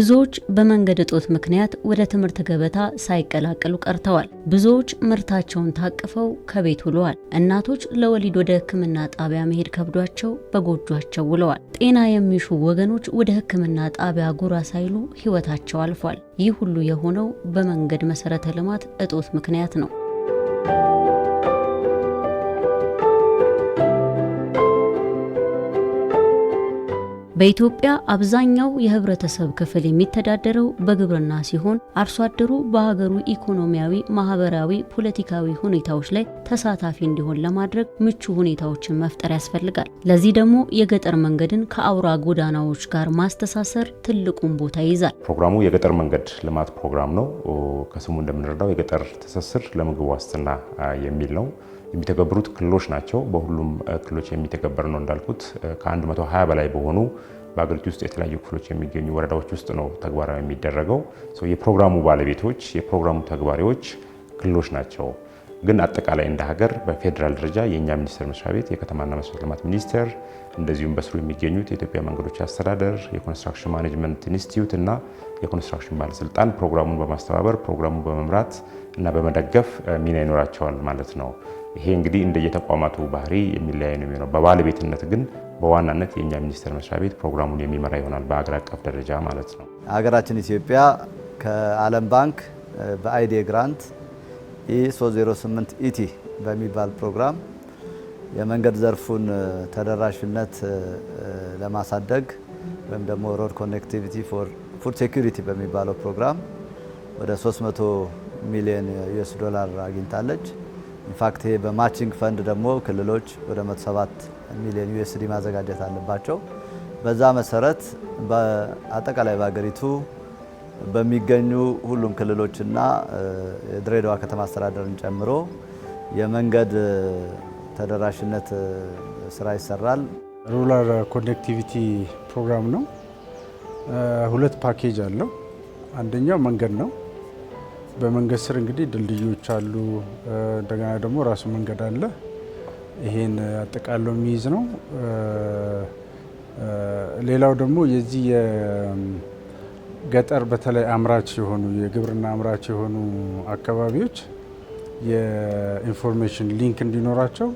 ብዙዎች በመንገድ እጦት ምክንያት ወደ ትምህርት ገበታ ሳይቀላቀሉ ቀርተዋል። ብዙዎች ምርታቸውን ታቅፈው ከቤት ውለዋል። እናቶች ለወሊድ ወደ ሕክምና ጣቢያ መሄድ ከብዷቸው በጎጇቸው ውለዋል። ጤና የሚሹ ወገኖች ወደ ሕክምና ጣቢያ ጉራ ሳይሉ ሕይወታቸው አልፏል። ይህ ሁሉ የሆነው በመንገድ መሰረተ ልማት እጦት ምክንያት ነው። በኢትዮጵያ አብዛኛው የህብረተሰብ ክፍል የሚተዳደረው በግብርና ሲሆን አርሶ አደሩ በሀገሩ ኢኮኖሚያዊ፣ ማህበራዊ፣ ፖለቲካዊ ሁኔታዎች ላይ ተሳታፊ እንዲሆን ለማድረግ ምቹ ሁኔታዎችን መፍጠር ያስፈልጋል። ለዚህ ደግሞ የገጠር መንገድን ከአውራ ጎዳናዎች ጋር ማስተሳሰር ትልቁን ቦታ ይይዛል። ፕሮግራሙ የገጠር መንገድ ልማት ፕሮግራም ነው። ከስሙ እንደምንረዳው የገጠር ትስስር ለምግብ ዋስትና የሚል ነው። የሚተገብሩት ክልሎች ናቸው። በሁሉም ክልሎች የሚተገበር ነው። እንዳልኩት ከ120 በላይ በሆኑ በአገሪቱ ውስጥ የተለያዩ ክፍሎች የሚገኙ ወረዳዎች ውስጥ ነው ተግባራዊ የሚደረገው። የፕሮግራሙ ባለቤቶች የፕሮግራሙ ተግባሪዎች ክልሎች ናቸው። ግን አጠቃላይ እንደ ሀገር በፌዴራል ደረጃ የእኛ ሚኒስቴር መስሪያ ቤት የከተማና መሰረተ ልማት ሚኒስቴር እንደዚሁም በስሩ የሚገኙት የኢትዮጵያ መንገዶች አስተዳደር፣ የኮንስትራክሽን ማኔጅመንት ኢንስቲትዩት እና የኮንስትራክሽን ባለስልጣን ፕሮግራሙን በማስተባበር ፕሮግራሙን በመምራት እና በመደገፍ ሚና ይኖራቸዋል ማለት ነው። ይሄ እንግዲህ እንደየተቋማቱ ባህሪ የሚለያይ ነው የሚሆነው። በባለቤትነት ግን በዋናነት የእኛ ሚኒስቴር መስሪያ ቤት ፕሮግራሙን የሚመራ ይሆናል፣ በአገር አቀፍ ደረጃ ማለት ነው። ሀገራችን ኢትዮጵያ ከዓለም ባንክ በአይዲ ግራንት ኢ308 ኢቲ በሚባል ፕሮግራም የመንገድ ዘርፉን ተደራሽነት ለማሳደግ ወይም ደግሞ ሮድ ኮኔክቲቪቲ ፎር ፉድ ሴኩሪቲ በሚባለው ፕሮግራም ወደ 300 ሚሊዮን ዩኤስ ዶላር አግኝታለች። ኢንፋክት ይሄ በማቺንግ ፈንድ ደግሞ ክልሎች ወደ 107 ሚሊዮን ዩኤስዲ ማዘጋጀት አለባቸው። በዛ መሰረት በአጠቃላይ በሀገሪቱ በሚገኙ ሁሉም ክልሎችና የድሬዳዋ ከተማ አስተዳደርን ጨምሮ የመንገድ ተደራሽነት ስራ ይሰራል። ሩራል ኮኔክቲቪቲ ፕሮግራም ነው። ሁለት ፓኬጅ አለው። አንደኛው መንገድ ነው። በመንገድ ስር እንግዲህ ድልድዮች አሉ። እንደገና ደግሞ ራሱ መንገድ አለ። ይሄን አጠቃሎ የሚይዝ ነው። ሌላው ደግሞ የዚህ የገጠር በተለይ አምራች የሆኑ የግብርና አምራች የሆኑ አካባቢዎች የኢንፎርሜሽን ሊንክ እንዲኖራቸው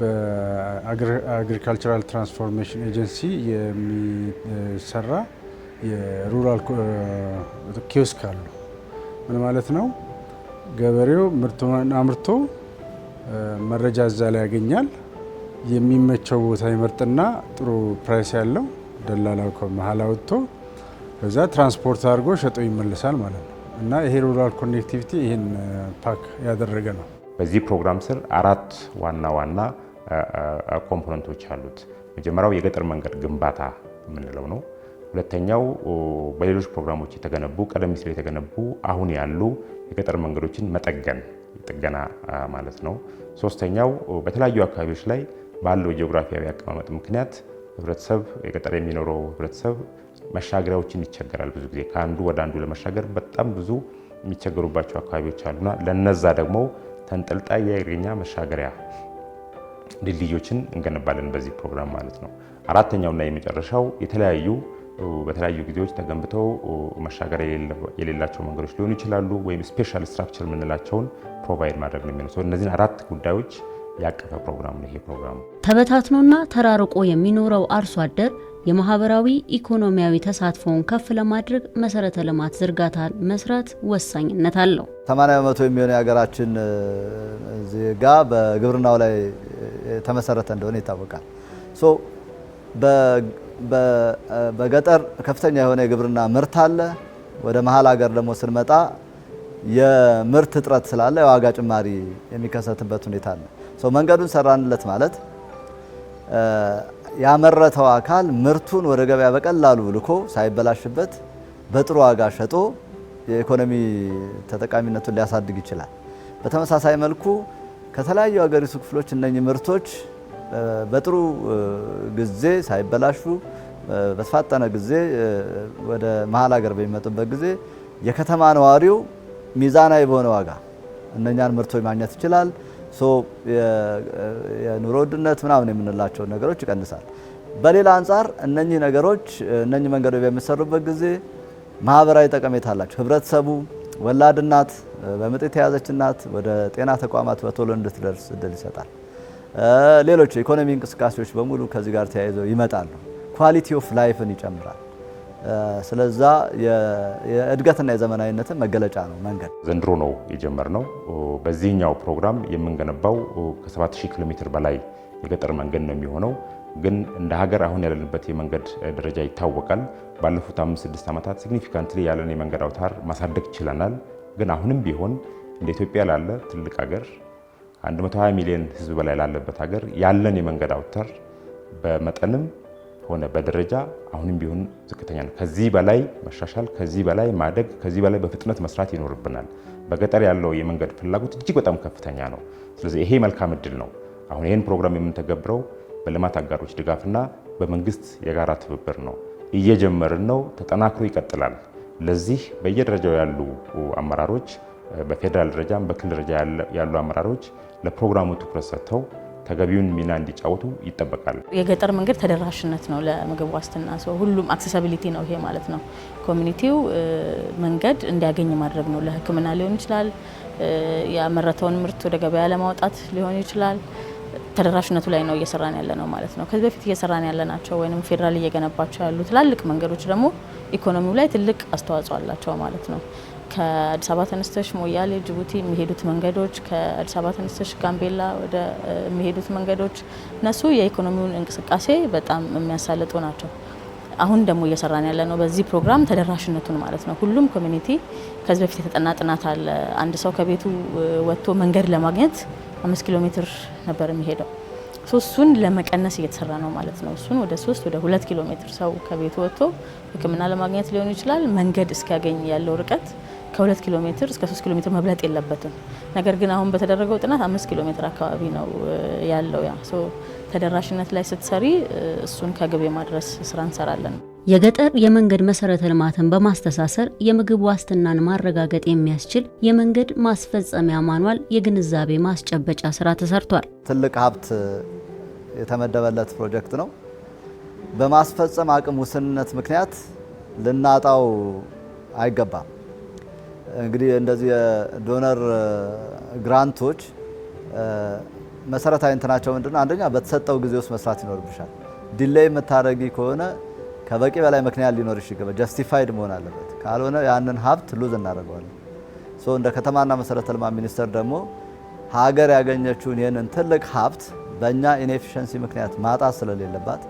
በአግሪካልቸራል ትራንስፎርሜሽን ኤጀንሲ የሚሰራ የሩራል ኪዮስክ አሉ። ምን ማለት ነው? ገበሬው ምርቱን አምርቶ መረጃ እዛ ላይ ያገኛል። የሚመቸው ቦታ ይመርጥና ጥሩ ፕራይስ ያለው ደላላው ከመሀል አወጥቶ ከዛ ትራንስፖርት አድርጎ ሸጦ ይመለሳል ማለት ነው። እና ይሄ ሩራል ኮኔክቲቪቲ ይህን ፓክ ያደረገ ነው። በዚህ ፕሮግራም ስር አራት ዋና ዋና ኮምፖነንቶች አሉት። መጀመሪያው የገጠር መንገድ ግንባታ የምንለው ነው። ሁለተኛው በሌሎች ፕሮግራሞች የተገነቡ ቀደም ሲል የተገነቡ አሁን ያሉ የገጠር መንገዶችን መጠገን ጥገና ማለት ነው። ሶስተኛው በተለያዩ አካባቢዎች ላይ ባለው ጂኦግራፊያዊ አቀማመጥ ምክንያት ህብረተሰብ የገጠር የሚኖረው ህብረተሰብ መሻገሪያዎችን ይቸገራል። ብዙ ጊዜ ከአንዱ ወደ አንዱ ለመሻገር በጣም ብዙ የሚቸገሩባቸው አካባቢዎች አሉና ለነዛ ደግሞ ተንጠልጣይ የእግረኛ መሻገሪያ ድልድዮችን እንገነባለን በዚህ ፕሮግራም ማለት ነው። አራተኛውና የመጨረሻው የተለያዩ በተለያዩ ጊዜዎች ተገንብተው መሻገሪያ የሌላቸው መንገዶች ሊሆኑ ይችላሉ፣ ወይም ስፔሻል ስትራክቸር የምንላቸውን ፕሮቫይድ ማድረግ ነው የሚሆነው። እነዚህን አራት ጉዳዮች ያቀፈ ፕሮግራም ነው ይሄ ፕሮግራም። ተበታትኖና ተራርቆ የሚኖረው አርሶ አደር የማህበራዊ ኢኮኖሚያዊ ተሳትፎውን ከፍ ለማድረግ መሰረተ ልማት ዝርጋታን መስራት ወሳኝነት አለው። 80 በመቶ የሚሆነው የሀገራችን ዜጋ በግብርናው ላይ የተመሰረተ እንደሆነ ይታወቃል። በገጠር ከፍተኛ የሆነ የግብርና ምርት አለ። ወደ መሀል ሀገር ደግሞ ስንመጣ የምርት እጥረት ስላለ የዋጋ ጭማሪ የሚከሰትበት ሁኔታ አለ። መንገዱን ሰራንለት ማለት ያመረተው አካል ምርቱን ወደ ገበያ በቀላሉ ልኮ ሳይበላሽበት በጥሩ ዋጋ ሸጦ የኢኮኖሚ ተጠቃሚነቱን ሊያሳድግ ይችላል። በተመሳሳይ መልኩ ከተለያዩ ሀገሪቱ ክፍሎች እነኚህ ምርቶች በጥሩ ጊዜ ሳይበላሹ በተፋጠነ ጊዜ ወደ መሀል ሀገር በሚመጡበት ጊዜ የከተማ ነዋሪው ሚዛናዊ በሆነ ዋጋ እነኛን ምርቶች ማግኘት ይችላል። የኑሮ ውድነት ምናምን የምንላቸውን ነገሮች ይቀንሳል። በሌላ አንጻር እነኚህ ነገሮች እነኚህ መንገዶች በሚሰሩበት ጊዜ ማህበራዊ ጠቀሜታ አላቸው። ህብረተሰቡ ወላድ እናት፣ በምጥ የተያዘች እናት ወደ ጤና ተቋማት በቶሎ እንድትደርስ እድል ይሰጣል። ሌሎች ኢኮኖሚ እንቅስቃሴዎች በሙሉ ከዚህ ጋር ተያይዘው ይመጣሉ። ኳሊቲ ኦፍ ላይፍን ይጨምራል። ስለዛ የእድገትና የዘመናዊነትን መገለጫ ነው መንገድ። ዘንድሮ ነው የጀመርነው። በዚህኛው ፕሮግራም የምንገነባው ከ7000 ኪሎ ሜትር በላይ የገጠር መንገድ ነው የሚሆነው። ግን እንደ ሀገር አሁን ያለንበት የመንገድ ደረጃ ይታወቃል። ባለፉት አምስት ስድስት ዓመታት ሲግኒፊካንትሊ ያለን የመንገድ አውታር ማሳደግ ችለናል። ግን አሁንም ቢሆን እንደ ኢትዮጵያ ላለ ትልቅ ሀገር 120 ሚሊዮን ህዝብ በላይ ላለበት ሀገር ያለን የመንገድ አውታር በመጠንም ሆነ በደረጃ አሁንም ቢሆን ዝቅተኛ ነው። ከዚህ በላይ መሻሻል፣ ከዚህ በላይ ማደግ፣ ከዚህ በላይ በፍጥነት መስራት ይኖርብናል። በገጠር ያለው የመንገድ ፍላጎት እጅግ በጣም ከፍተኛ ነው። ስለዚህ ይሄ መልካም እድል ነው። አሁን ይህን ፕሮግራም የምንተገብረው በልማት አጋሮች ድጋፍና በመንግስት የጋራ ትብብር ነው። እየጀመርን ነው። ተጠናክሮ ይቀጥላል። ለዚህ በየደረጃው ያሉ አመራሮች፣ በፌዴራል ደረጃም በክልል ደረጃ ያሉ አመራሮች ለፕሮግራሙ ትኩረት ሰጥተው ተገቢውን ሚና እንዲጫወቱ ይጠበቃል። የገጠር መንገድ ተደራሽነት ነው ለምግብ ዋስትና ሰው ሁሉም አክሴሳቢሊቲ ነው ይሄ ማለት ነው። ኮሚኒቲው መንገድ እንዲያገኝ ማድረግ ነው። ለሕክምና ሊሆን ይችላል፣ ያመረተውን ምርት ወደ ገበያ ለማውጣት ሊሆን ይችላል። ተደራሽነቱ ላይ ነው እየሰራን ያለ ነው ማለት ነው። ከዚህ በፊት እየሰራን ያለ ናቸው ወይም ፌዴራል እየገነባቸው ያሉ ትላልቅ መንገዶች ደግሞ ኢኮኖሚው ላይ ትልቅ አስተዋጽኦ አላቸው ማለት ነው። ከአዲስ አበባ ተነስተሽ ሞያሌ ጅቡቲ የሚሄዱት መንገዶች፣ ከአዲስ አበባ ተነስተሽ ጋምቤላ ወደ የሚሄዱት መንገዶች እነሱ የኢኮኖሚውን እንቅስቃሴ በጣም የሚያሳልጡ ናቸው። አሁን ደግሞ እየሰራን ያለ ነው በዚህ ፕሮግራም ተደራሽነቱን ማለት ነው። ሁሉም ኮሚኒቲ ከዚህ በፊት የተጠና ጥናት አለ። አንድ ሰው ከቤቱ ወጥቶ መንገድ ለማግኘት አምስት ኪሎ ሜትር ነበር የሚሄደው። እሱን ለመቀነስ እየተሰራ ነው ማለት ነው። እሱን ወደ ሶስት ወደ ሁለት ኪሎ ሜትር ሰው ከቤቱ ወጥቶ ሕክምና ለማግኘት ሊሆን ይችላል መንገድ እስኪያገኝ ያለው ርቀት ከሁለት ኪሎ ሜትር እስከ ሶስት ኪሎ ሜትር መብለጥ የለበትም። ነገር ግን አሁን በተደረገው ጥናት አምስት ኪሎ ሜትር አካባቢ ነው ያለው። ያ ተደራሽነት ላይ ስትሰሪ እሱን ከግብ የማድረስ ስራ እንሰራለን። የገጠር የመንገድ መሰረተ ልማትን በማስተሳሰር የምግብ ዋስትናን ማረጋገጥ የሚያስችል የመንገድ ማስፈጸሚያ ማኗል የግንዛቤ ማስጨበጫ ስራ ተሰርቷል። ትልቅ ሀብት የተመደበለት ፕሮጀክት ነው። በማስፈጸም አቅም ውስንነት ምክንያት ልናጣው አይገባም። እንግዲህ እንደዚህ የዶነር ግራንቶች መሰረታዊ እንትናቸው ነው አንደኛ በተሰጠው ጊዜ ውስጥ መስራት ይኖርብሻል። ዲሌይ የምታደረጊ ከሆነ ከበቂ በላይ ምክንያት ሊኖር ይገባል። ጀስቲፋይድ መሆን አለበት። ካልሆነ ያንን ሀብት ሉዝ እናደርገዋለን። እንደ ከተማና መሰረተ ልማት ሚኒስቴር ደግሞ ሀገር ያገኘችውን ይህንን ትልቅ ሀብት በእኛ ኢንኤፊሽንሲ ምክንያት ማጣት ስለሌለባት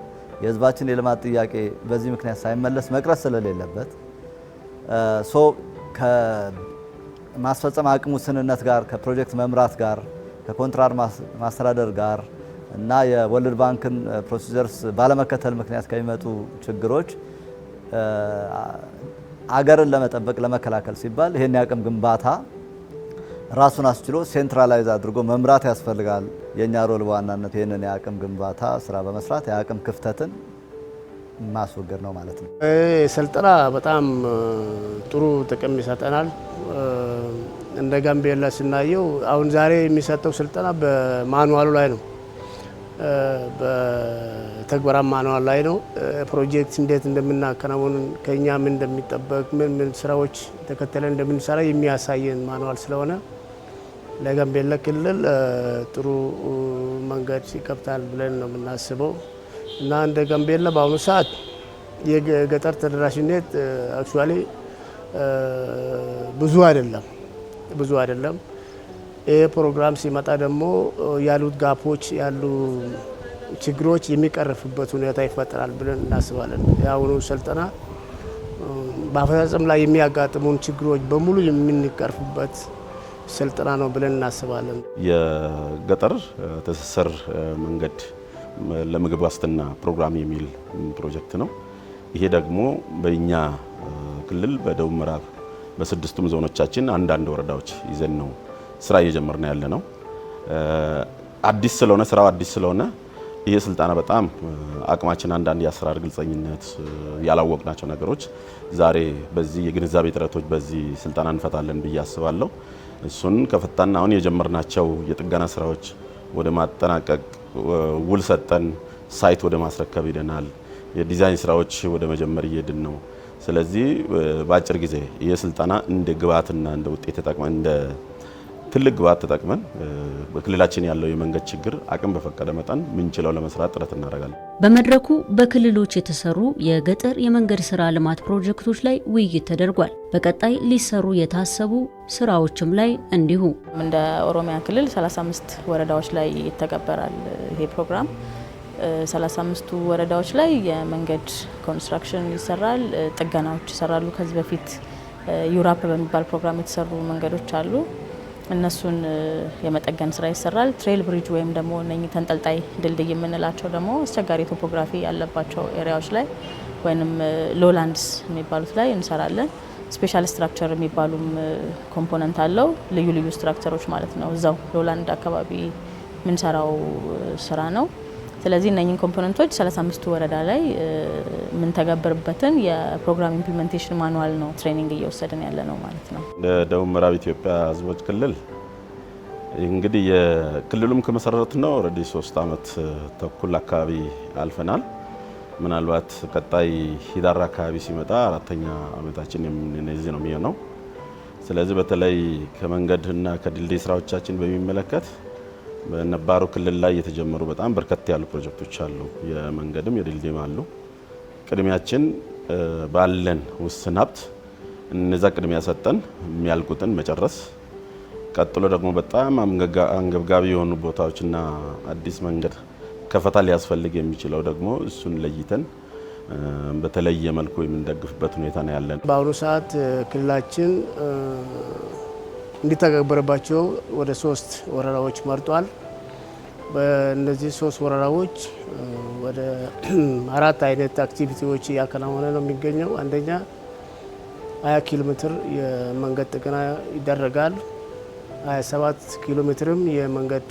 የህዝባችን የልማት ጥያቄ በዚህ ምክንያት ሳይመለስ መቅረት ስለሌለበት ከማስፈጸም አቅም ውስንነት ጋር፣ ከፕሮጀክት መምራት ጋር፣ ከኮንትራር ማስተዳደር ጋር እና የወርልድ ባንክን ፕሮሲጀርስ ባለመከተል ምክንያት ከሚመጡ ችግሮች አገርን ለመጠበቅ ለመከላከል ሲባል ይህን የአቅም ግንባታ ራሱን አስችሎ ሴንትራላይዝ አድርጎ መምራት ያስፈልጋል። የእኛ ሮል በዋናነት ይህንን የአቅም ግንባታ ስራ በመስራት የአቅም ክፍተትን ማስወገድ ነው ማለት ነው። ስልጠና በጣም ጥሩ ጥቅም ይሰጠናል። እንደ ጋምቤላ ስናየው አሁን ዛሬ የሚሰጠው ስልጠና በማኑዋሉ ላይ ነው፣ በተግበራም ማኑዋል ላይ ነው። ፕሮጀክት እንዴት እንደምናከናወን ከኛ ምን እንደሚጠበቅ ምን ምን ስራዎች ተከተለን እንደምንሰራ የሚያሳየን ማኑዋል ስለሆነ ለጋምቤላ ክልል ጥሩ መንገድ ይከፍታል ብለን ነው የምናስበው። እና እንደ ጋምቤላ በአሁኑ ሰዓት የገጠር ተደራሽነት አክቹዋሊ ብዙ አይደለም ብዙ አይደለም። ይህ ፕሮግራም ሲመጣ ደግሞ ያሉት ጋፖች ያሉ ችግሮች የሚቀረፍበት ሁኔታ ይፈጠራል ብለን እናስባለን። የአሁኑ ስልጠና በአፈጻጸም ላይ የሚያጋጥሙን ችግሮች በሙሉ የምንቀርፍበት ስልጠና ነው ብለን እናስባለን። የገጠር ትስስር መንገድ ለምግብ ዋስትና ፕሮግራም የሚል ፕሮጀክት ነው። ይሄ ደግሞ በእኛ ክልል በደቡብ ምዕራብ በስድስቱም ዞኖቻችን አንዳንድ ወረዳዎች ይዘን ነው ስራ እየጀመርን ያለ ነው። አዲስ ስለሆነ ስራው አዲስ ስለሆነ ይሄ ስልጠና በጣም አቅማችን አንዳንድ የአሰራር ግልጸኝነት ያላወቅናቸው ነገሮች ዛሬ በዚህ የግንዛቤ ጥረቶች በዚህ ስልጠና እንፈታለን ብዬ አስባለሁ። እሱን ከፈታና አሁን የጀመርናቸው የጥገና ስራዎች ወደ ማጠናቀቅ ውል ሰጠን፣ ሳይት ወደ ማስረከብ ሂደናል። የዲዛይን ስራዎች ወደ መጀመር እየሄድን ነው። ስለዚህ በአጭር ጊዜ ይህ ስልጠና እንደ ግብዓትና እንደ ውጤት እንደ ትልቅ ግብዓት ተጠቅመን በክልላችን ያለው የመንገድ ችግር አቅም በፈቀደ መጠን ምንችለው ለመስራት ጥረት እናደርጋለን። በመድረኩ በክልሎች የተሰሩ የገጠር የመንገድ ስራ ልማት ፕሮጀክቶች ላይ ውይይት ተደርጓል። በቀጣይ ሊሰሩ የታሰቡ ስራዎችም ላይ እንዲሁ እንደ ኦሮሚያ ክልል 35 ወረዳዎች ላይ ይተገበራል ይሄ ፕሮግራም። 35ቱ ወረዳዎች ላይ የመንገድ ኮንስትራክሽን ይሰራል፣ ጥገናዎች ይሰራሉ። ከዚህ በፊት ዩራፕ በሚባል ፕሮግራም የተሰሩ መንገዶች አሉ። እነሱን የመጠገን ስራ ይሰራል። ትሬል ብሪጅ ወይም ደግሞ እነኚህ ተንጠልጣይ ድልድይ የምንላቸው ደግሞ አስቸጋሪ ቶፖግራፊ ያለባቸው ኤሪያዎች ላይ ወይም ሎላንድስ የሚባሉት ላይ እንሰራለን። ስፔሻል ስትራክቸር የሚባሉም ኮምፖነንት አለው። ልዩ ልዩ ስትራክቸሮች ማለት ነው። እዛው ሎላንድ አካባቢ የምንሰራው ስራ ነው። ስለዚህ እነኝን ኮምፖነንቶች 35ቱ ወረዳ ላይ የምንተገብርበትን የፕሮግራም ኢምፕሊመንቴሽን ማኑዋል ነው ትሬኒንግ እየወሰድን ያለ ነው ማለት ነው። እንደ ደቡብ ምዕራብ ኢትዮጵያ ህዝቦች ክልል እንግዲህ የክልሉም ከመሰረት ነው ረዲ ሶስት አመት ተኩል አካባቢ አልፈናል። ምናልባት ቀጣይ ሂዳር አካባቢ ሲመጣ አራተኛ አመታችን የምንነዚህ ነው የሚሆነው። ስለዚህ በተለይ ከመንገድና ከድልድይ ስራዎቻችን በሚመለከት በነባሩ ክልል ላይ የተጀመሩ በጣም በርከት ያሉ ፕሮጀክቶች አሉ። የመንገድም የድልድይም አሉ። ቅድሚያችን ባለን ውስን ሀብት እነዛ ቅድሚያ ሰጠን የሚያልቁትን መጨረስ፣ ቀጥሎ ደግሞ በጣም አንገብጋቢ የሆኑ ቦታዎችና አዲስ መንገድ ከፈታ ሊያስፈልግ የሚችለው ደግሞ እሱን ለይተን በተለየ መልኩ የምንደግፍበት ሁኔታ ነው ያለን። በአሁኑ ሰዓት ክልላችን እንዲተገበርባቸው ወደ ሶስት ወረዳዎች መርጧል። በእነዚህ ሶስት ወረዳዎች ወደ አራት አይነት አክቲቪቲዎች እያከናወነ ነው የሚገኘው። አንደኛ ሀያ ኪሎ ሜትር የመንገድ ጥገና ይደረጋል። ሀያ ሰባት ኪሎ ሜትርም የመንገድ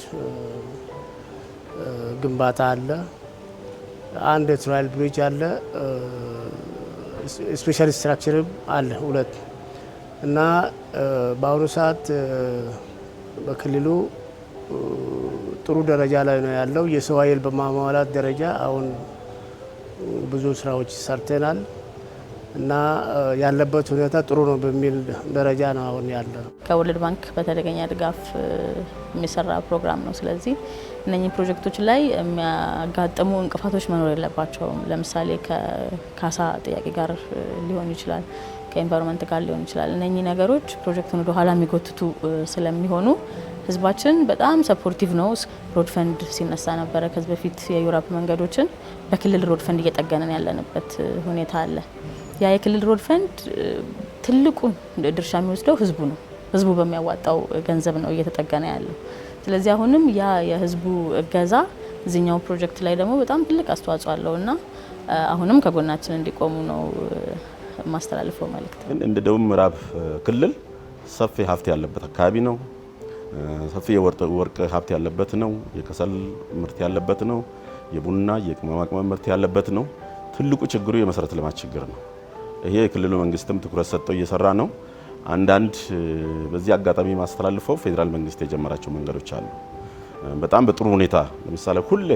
ግንባታ አለ። አንድ የትራይል ብሪጅ አለ። ስፔሻል ስትራክቸርም አለ ሁለት እና በአሁኑ ሰዓት በክልሉ ጥሩ ደረጃ ላይ ነው ያለው። የሰው ኃይል በማሟላት ደረጃ አሁን ብዙ ስራዎች ሰርተናል እና ያለበት ሁኔታ ጥሩ ነው በሚል ደረጃ ነው አሁን ያለ ነው። ከወርልድ ባንክ በተደገኘ ድጋፍ የሚሰራ ፕሮግራም ነው። ስለዚህ እነኚህ ፕሮጀክቶች ላይ የሚያጋጥሙ እንቅፋቶች መኖር የለባቸውም። ለምሳሌ ከካሳ ጥያቄ ጋር ሊሆን ይችላል ከኤንቫይሮንመንት ጋር ሊሆን ይችላል። እነኚህ ነገሮች ፕሮጀክቱን ወደ ኋላ የሚጎትቱ ስለሚሆኑ ህዝባችን በጣም ሰፖርቲቭ ነው። ሮድ ፈንድ ሲነሳ ነበረ ከዚህ በፊት የዩራፕ መንገዶችን በክልል ሮድ ፈንድ እየጠገነን ያለንበት ሁኔታ አለ። ያ የክልል ሮድ ፈንድ ትልቁን ድርሻ የሚወስደው ህዝቡ ነው። ህዝቡ በሚያዋጣው ገንዘብ ነው እየተጠገነ ያለው። ስለዚህ አሁንም ያ የህዝቡ እገዛ እዚኛው ፕሮጀክት ላይ ደግሞ በጣም ትልቅ አስተዋጽኦ አለው ና አሁንም ከጎናችን እንዲቆሙ ነው የማስተላልፈው መልእክት። ግን እንደ ደቡብ ምዕራብ ክልል ሰፊ ሀብት ያለበት አካባቢ ነው። ሰፊ የወርቅ ሀብት ያለበት ነው። የከሰል ምርት ያለበት ነው። የቡና የቅመማ ቅመም ምርት ያለበት ነው። ትልቁ ችግሩ የመሰረተ ልማት ችግር ነው። ይሄ የክልሉ መንግስትም ትኩረት ሰጠው እየሰራ ነው። አንዳንድ በዚህ አጋጣሚ ማስተላልፈው ፌዴራል መንግስት የጀመራቸው መንገዶች አሉ። በጣም በጥሩ ሁኔታ ለምሳሌ ሁሌ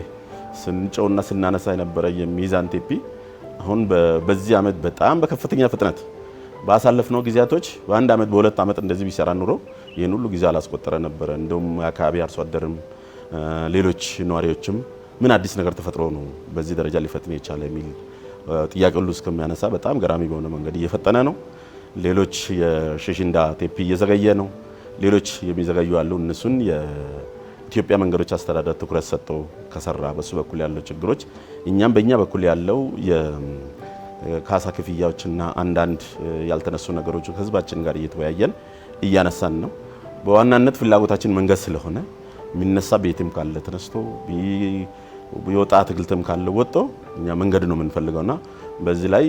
ስንጨውና ስናነሳ የነበረ የሚዛን ቴፒ አሁን በዚህ ዓመት በጣም በከፍተኛ ፍጥነት ባሳለፍነው ጊዜያቶች በአንድ ዓመት በሁለት ዓመት እንደዚህ ቢሰራ ኑሮ ይህን ሁሉ ጊዜ አላስቆጠረ ነበረ። እንደውም አካባቢ አርሶ አደርም ሌሎች ነዋሪዎችም ምን አዲስ ነገር ተፈጥሮ ነው በዚህ ደረጃ ሊፈጥን የቻለ የሚል ጥያቄ ሁሉ እስከሚያነሳ በጣም ገራሚ በሆነ መንገድ እየፈጠነ ነው። ሌሎች የሽሽንዳ ቴፒ እየዘገየ ነው። ሌሎች የሚዘገዩ አሉ እነሱን ኢትዮጵያ መንገዶች አስተዳደር ትኩረት ሰጥቶ ከሰራ በሱ በኩል ያለው ችግሮች እኛም በእኛ በኩል ያለው የካሳ ክፍያዎችና አንዳንድ ያልተነሱ ነገሮች ከህዝባችን ጋር እየተወያየን እያነሳን ነው። በዋናነት ፍላጎታችን መንገድ ስለሆነ የሚነሳ ቤትም ካለ ተነስቶ የወጣ አትክልትም ካለ ወጥቶ እኛ መንገድ ነው የምንፈልገውና በዚህ ላይ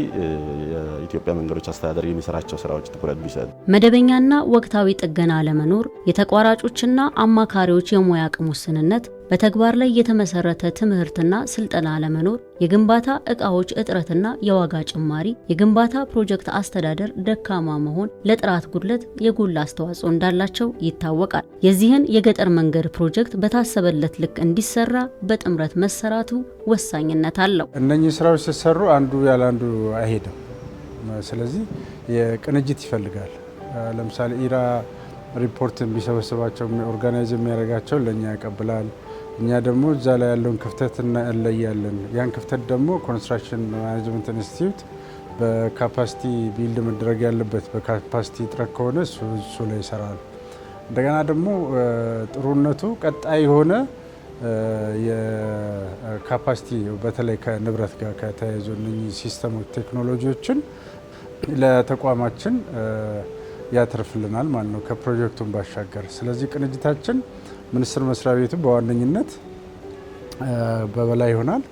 የኢትዮጵያ መንገዶች አስተዳደር የሚሰራቸው ስራዎች ትኩረት ቢሰጥ፣ መደበኛና ወቅታዊ ጥገና አለመኖር፣ የተቋራጮችና አማካሪዎች የሙያ አቅም ውስንነት፣ በተግባር ላይ የተመሰረተ ትምህርትና ስልጠና አለመኖር፣ የግንባታ እቃዎች እጥረትና የዋጋ ጭማሪ፣ የግንባታ ፕሮጀክት አስተዳደር ደካማ መሆን ለጥራት ጉድለት የጎላ አስተዋጽኦ እንዳላቸው ይታወቃል። የዚህን የገጠር መንገድ ፕሮጀክት በታሰበለት ልክ እንዲሰራ በጥምረት መሰራቱ ወሳኝነት አለው። እነኚህ ስራዎች ሲሰሩ አንዱ ያለ አንዱ አይሄድም። ስለዚህ የቅንጅት ይፈልጋል። ለምሳሌ ኢራ ሪፖርት የሚሰበስባቸው ኦርጋናይዝ የሚያደርጋቸው ለእኛ ያቀብላል። እኛ ደግሞ እዛ ላይ ያለውን ክፍተት እንለያለን። ያን ክፍተት ደግሞ ኮንስትራክሽን ማኔጅመንት ኢንስቲትዩት በካፓሲቲ ቢልድ መደረግ ያለበት በካፓሲቲ እጥረት ከሆነ እሱ ላይ ይሰራል። እንደገና ደግሞ ጥሩነቱ ቀጣይ የሆነ የካፓሲቲ በተለይ ከንብረት ጋር ከተያይዞ እነኚህ ሲስተሞች ቴክኖሎጂዎችን ለተቋማችን ያተርፍልናል ማለት ነው ከፕሮጀክቱን ባሻገር። ስለዚህ ቅንጅታችን ሚኒስቴር መስሪያ ቤቱ በዋነኝነት በበላይ ይሆናል።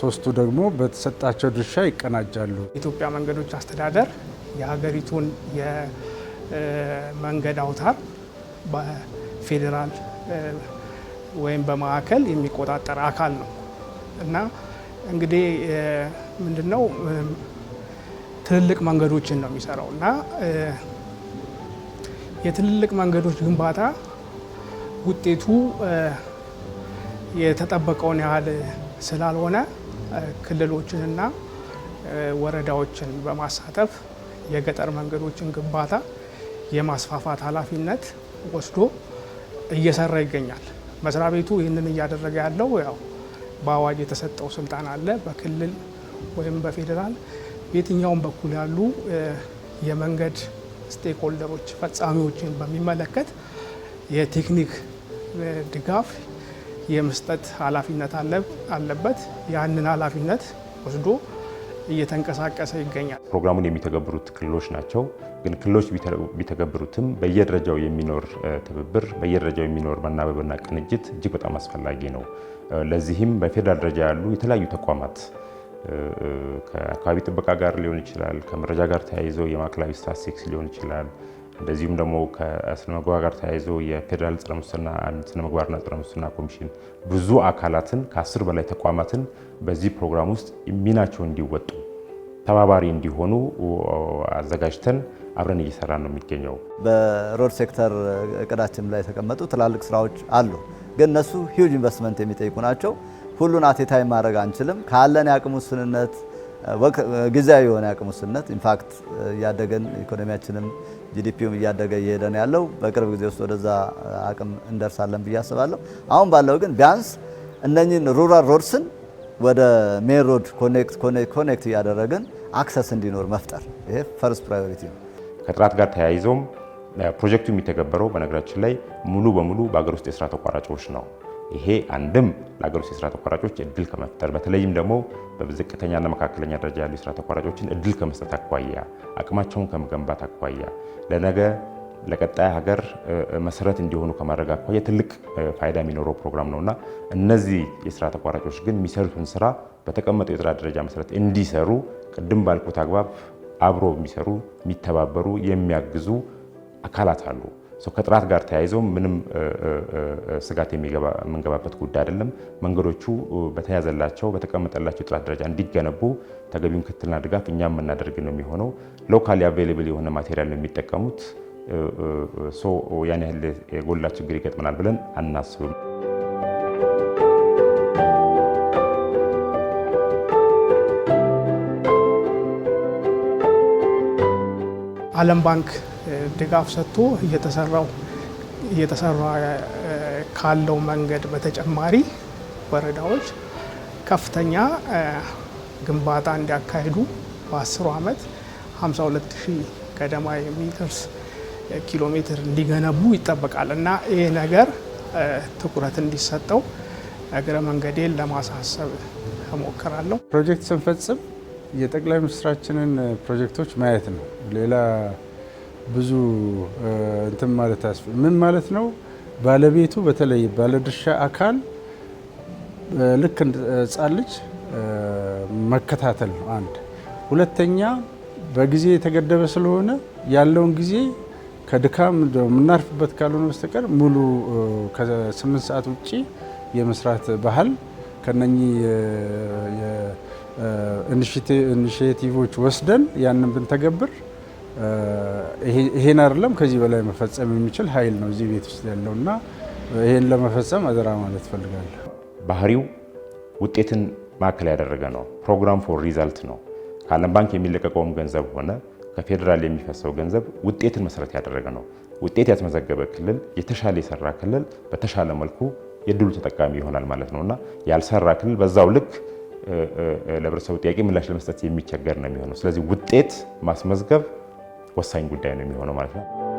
ሶስቱ ደግሞ በተሰጣቸው ድርሻ ይቀናጃሉ። የኢትዮጵያ መንገዶች አስተዳደር የሀገሪቱን የመንገድ አውታር በፌዴራል ወይም በማዕከል የሚቆጣጠር አካል ነው እና እንግዲህ ምንድነው ትልልቅ መንገዶችን ነው የሚሰራው እና የትልልቅ መንገዶች ግንባታ ውጤቱ የተጠበቀውን ያህል ስላልሆነ ክልሎችንና ወረዳዎችን በማሳተፍ የገጠር መንገዶችን ግንባታ የማስፋፋት ኃላፊነት ወስዶ እየሰራ ይገኛል። መስሪያ ቤቱ ይህንን እያደረገ ያለው ያው በአዋጅ የተሰጠው ስልጣን አለ። በክልል ወይም በፌዴራል በየትኛውም በኩል ያሉ የመንገድ ስቴክሆልደሮች ፈጻሚዎችን በሚመለከት የቴክኒክ ድጋፍ የመስጠት ኃላፊነት አለበት። ያንን ኃላፊነት ወስዶ እየተንቀሳቀሰ ይገኛል። ፕሮግራሙን የሚተገብሩት ክልሎች ናቸው። ግን ክልሎች ቢተገብሩትም በየደረጃው የሚኖር ትብብር፣ በየደረጃው የሚኖር መናበብና ቅንጅት እጅግ በጣም አስፈላጊ ነው። ለዚህም በፌዴራል ደረጃ ያሉ የተለያዩ ተቋማት ከአካባቢ ጥበቃ ጋር ሊሆን ይችላል፣ ከመረጃ ጋር ተያይዘው የማዕከላዊ ስታትስቲክስ ሊሆን ይችላል እንደዚሁም ደግሞ ከስነ ምግባር ጋር ተያይዞ የፌዴራል ፀረ ሙስና ስነ ምግባርና ሙስና ኮሚሽን ብዙ አካላትን ከአስር በላይ ተቋማትን በዚህ ፕሮግራም ውስጥ ሚናቸው እንዲወጡ ተባባሪ እንዲሆኑ አዘጋጅተን አብረን እየሰራ ነው የሚገኘው። በሮድ ሴክተር እቅዳችን ላይ የተቀመጡ ትላልቅ ስራዎች አሉ፣ ግን እነሱ ሂውጅ ኢንቨስትመንት የሚጠይቁ ናቸው። ሁሉን አቴታይም ማድረግ አንችልም። ካለን የአቅም ውስንነት ጊዜያዊ የሆነ አቅም ውስንነት ኢንፋክት እያደገን ኢኮኖሚያችንም ጂዲፒውም እያደገ እየሄደ ነው ያለው። በቅርብ ጊዜ ውስጥ ወደዛ አቅም እንደርሳለን ብዬ አስባለሁ። አሁን ባለው ግን ቢያንስ እነኚህን ሩራል ሮድስን ወደ ሜን ሮድ ኮኔክት እያደረግን አክሰስ እንዲኖር መፍጠር ይሄ ፈርስት ፕራዮሪቲ ነው። ከጥራት ጋር ተያይዞም ፕሮጀክቱ የሚተገበረው በነገራችን ላይ ሙሉ በሙሉ በሀገር ውስጥ የስራ ተቋራጮች ነው። ይሄ አንድም ለሀገር ውስጥ የስራ ተቋራጮች እድል ከመፍጠር በተለይም ደግሞ በዝቅተኛና መካከለኛ ደረጃ ያሉ የስራ ተቋራጮችን እድል ከመስጠት አኳያ አቅማቸውን ከመገንባት አኳያ ለነገ ለቀጣይ ሀገር መሰረት እንዲሆኑ ከማድረግ አኳያ ትልቅ ፋይዳ የሚኖረው ፕሮግራም ነውና እነዚህ የስራ ተቋራጮች ግን የሚሰሩትን ስራ በተቀመጠው የስራ ደረጃ መሰረት እንዲሰሩ ቅድም ባልኩት አግባብ አብሮ የሚሰሩ የሚተባበሩ የሚያግዙ አካላት አሉ። ከጥራት ጋር ተያይዞ ምንም ስጋት የምንገባበት ጉዳይ አይደለም። መንገዶቹ በተያዘላቸው በተቀመጠላቸው የጥራት ደረጃ እንዲገነቡ ተገቢውን ክትትልና ድጋፍ እኛ የምናደርግ ነው የሚሆነው። ሎካሊ አቬይላብል የሆነ ማቴሪያል ነው የሚጠቀሙት። ያን ያህል የጎላ ችግር ይገጥመናል ብለን አናስብም። ዓለም ባንክ ድጋፍ ሰጥቶ እየተሰራው እየተሰራ ካለው መንገድ በተጨማሪ ወረዳዎች ከፍተኛ ግንባታ እንዲያካሂዱ በአስሩ ዓመት 52 ሺህ ገደማ የሚደርስ ኪሎ ሜትር እንዲገነቡ ይጠበቃል እና ይህ ነገር ትኩረት እንዲሰጠው እግረ መንገዴን ለማሳሰብ እሞክራለሁ። ፕሮጀክት ስንፈጽም የጠቅላይ ሚኒስትራችንን ፕሮጀክቶች ማየት ነው ሌላ ብዙ እንትን ማለት ምን ማለት ነው? ባለቤቱ በተለይ ባለድርሻ አካል ልክ ሕፃን ልጅ መከታተል ነው አንድ። ሁለተኛ በጊዜ የተገደበ ስለሆነ ያለውን ጊዜ ከድካም የምናርፍበት ካልሆነ በስተቀር ሙሉ ከስምንት ሰዓት ውጭ የመስራት ባህል ከነኚህ ኢኒሽቲቮች ወስደን ያንን ብንተገብር ይሄን አይደለም ከዚህ በላይ መፈጸም የሚችል ኃይል ነው እዚህ ቤት ውስጥ ያለው እና ይሄን ለመፈጸም አደራ ማለት ፈልጋለሁ። ባህሪው ውጤትን ማዕከል ያደረገ ነው። ፕሮግራም ፎር ሪዛልት ነው። ከዓለም ባንክ የሚለቀቀውም ገንዘብ ሆነ ከፌዴራል የሚፈሰው ገንዘብ ውጤትን መሰረት ያደረገ ነው። ውጤት ያስመዘገበ ክልል፣ የተሻለ የሰራ ክልል በተሻለ መልኩ የድሉ ተጠቃሚ ይሆናል ማለት ነው እና ያልሰራ ክልል በዛው ልክ ለህብረተሰቡ ጥያቄ ምላሽ ለመስጠት የሚቸገር ነው የሚሆነው። ስለዚህ ውጤት ማስመዝገብ ወሳኝ ጉዳይ ነው የሚሆነው ማለት ነው።